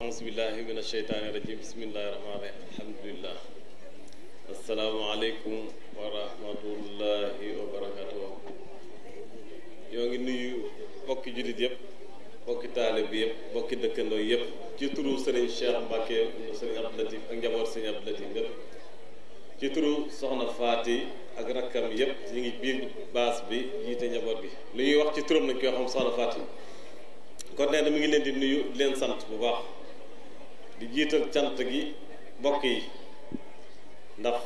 aus billahi min asheytaani rajim bismillahi rahmaani rahim alhamdulillah asalaamualeykum wa rahmatullahi wa barakatuh yoo ngi nuyu bokki jullit yëpp bokki taalib bi yëpp bokki dëkkandoo yëpp ci turu sëriñ Cheikh Mbacke sëriñ Abdou Latif ak njaboot sëriñ Abdou Latif yëpp ci turu soxna Faati ak rakkam yëpp ñu ngi biir baas bi jiite njaboot bi li ñuy wax ci turam nañ koy xam soxna Faati kon nee mi ngi leen di nuyu leen sant bu baax di jiital cant gi mbokk yi ndax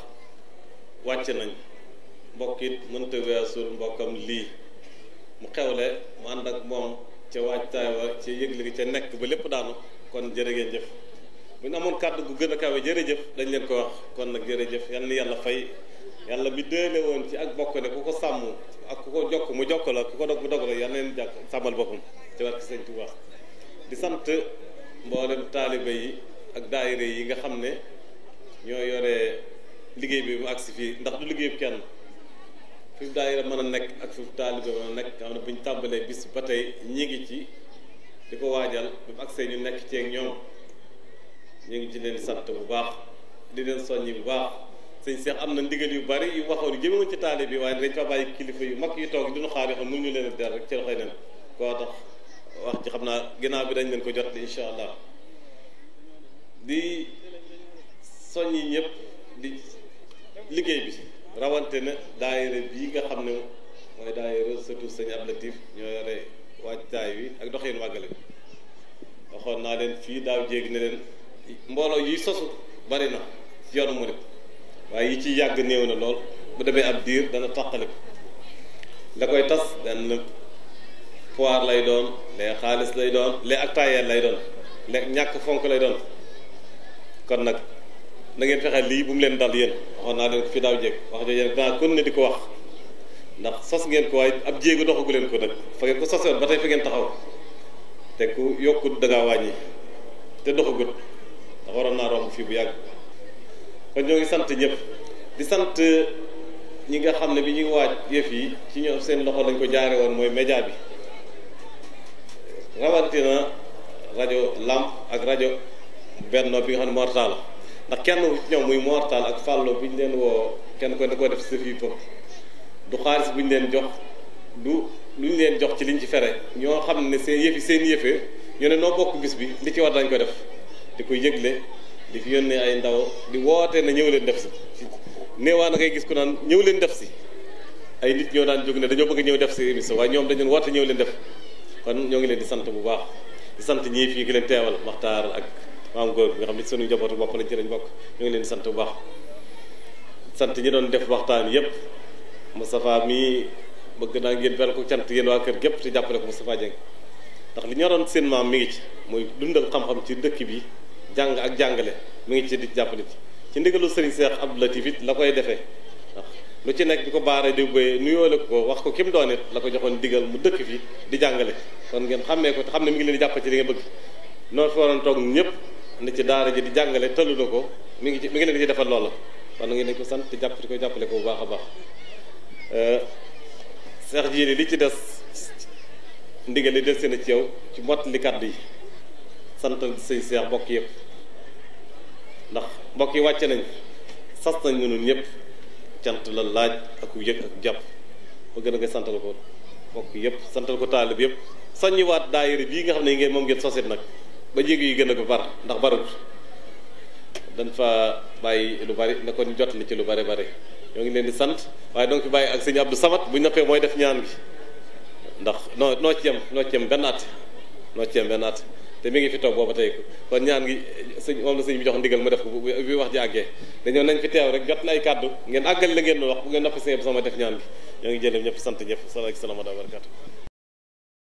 wàcc nañ mbokk it mënta weesul mbokkam lii mu xewle mu ànd ak moom ca waajtaay wa ca yëgle gi ca nekk ba lépp daanu kon jërë ngeen jëf bu ñu amoon kàdd gu gën a kawe jërëjëf dañ leen ko wax kon nag jërëjëf yal na yàlla fay yàlla bi déele woon ci ak bokk ne ku ko sàmm ak ku ko jokk mu jokk la ku ko dog mu dog la yal na leen jàkk sàmmal boppam ci barke Sëñ Tuubaa di sant mboolem taalibe yi ak daayira yi nga xam ne ñoo yore liggéey bi mu agsi fii ndax du liggéey kenn fi mu daayira mën a nekk ak fi mu taalibe mën a nekk nga xam ne bu ñu tàbbalee bis ba tey ñi ngi ci di ko waajal bi mu agsee ñu nekk ci ak ñoom ñu ngi ci leen sant bu baax di leen soññi bu baax sëñ Seex am na ndigal yu bari yu waxoon jëmewuñ ci taalibe bi waaye dañ fa bàyyi kilifa yu mag yi toog duñu xaar yoo xam ñu leen a der rek ci loxoy nen koo tax wax ci xam naa ginnaaw bi dañ leen ko jot incha allah di soññi ñëpp di liggéey bi rawante na daayira bii nga xam ne mooy daayira surtout sëñ Abdou Latif ñoo yore waajtaay wi ak doxin wàggale bi waxoon naa leen fii daaw jéegi ne leen mbooloo yi sosu bari na ci waaye yi ci yàgg néew na lool bu demee ab diir dana tàqale ko la koy tas dana poire lay doon lee xaalis lay doon lee ak taayeel lay doon lee ñàkk fonk lay doon kon nag na ngeen fexe lii bu mu leen dal yéen waxoon naa leen ko fi daaw jéeg wax jooju yéen dinaa di ko wax ndax sos ngeen ko waaye ab jéegu doxagu leen ko nag fa ngeen ko sosoon ba tey fa ngeen taxaw te ku yokkut da ngaa wàññi te doxagut ndax waroon naa romb fii bu yàgg kon ñoo ngi sant ñëpp di sant ñi nga xam ne bi ñuy waaj yëf yi ci ñoom seen loxo lañ ko jaare woon mooy média bi rawatina rajo Lamp ak rajo Benno bi nga xam ne Mor Talla ndax kenn ñoom muy Mor Talla ak Fallou bi ñu leen woo kenn ko ne ko def sëf yi pëp du xaalis bu ñu leen jox du leen jox ci liñ ci fere ñoo xam ne seen seen yëfee ñu ne noo bokk bis bi li ci war dañ ko def di ko yëgle di fi yónnee ay ndaw di woote na ñëw leen def si neewaa na ngay gis ku naan ñëw leen def si ay nit ñoo daan jóg ne dañoo bëgg ñëw def si émission waaye ñoom dañu woote ñëw leen def kon ñoo ngi leen di sant bu baax di sant ñii fii ki leen teewal maxtaar ak maam góor bi nga xam ne seen njabootu bopp lañ ci lañ bokk ñoo ngi leen di sant bu baax sant ñi doon def waxtaan yépp Moustapha mii bëgg naa ngeen beral ko sant yéen waa kër gépp te jàppale ko Moustapha Dieng ndax li ñoroon seen maam mi ngi ci mooy dundal xam-xam ci dëkk bi jàng ak jàngale mi ngi ci di jàppale ci ci ndigalu Serigne Cheikh Abdou Latif it la koy defee lu ci nekk bi ko baare di béyee nuyoole ko wax ko ki mu doon it la ko joxoon digal mu dëkk fi di jàngale kon ngeen xàmmee ko te xam ne mu ngi leen di jàpp ci li nga bëgg noonu toog ñëpp ci daara ji di jàngale tëlu ko mi ngi ci mi ngi leen di defal loola kon ngeen ko sant te jàpp ko jàppale ko bu a baax eh, seex li ci des ndigal li des seen ci yow ci mott li kàddu yi santal sëñ seex mbokk yëpp ndax mbokk yi wàcce nañ sas nañ ñun ñëpp cant la laaj ak yëg ak jàpp ba gën a nga santal ko bokk yëpp santal ko taalib yëpp soññiwaat yére bii nga xam ne ngeen moom ngeen sosit nag ba jéego yi gën a ko bar ndax barut dañ fa bàyyi lu bari ne ko jot li ci lu bari bari ñoo ngi leen di sant waaye donc fi bàyyi ak sëñ Abdou Samad bu ñu noppee mooy def ñaan gi ndax noo noo ci yem noo ci yem benn at noo ci benn at te mi ngi fi toog booba tey kon ñaan ngi sëñ moom la sëñ bi jox ndigal ma def ko bi wax ji àggee dañoo nañ fi teew rek jot lay kàddu ngeen àggal la ngeen wax bu ngeen noppi sëñ bi sama def ñaan gi ñoo ngi jëlee ñëpp sant ñëpp salaamaaleykum wa rahmatulah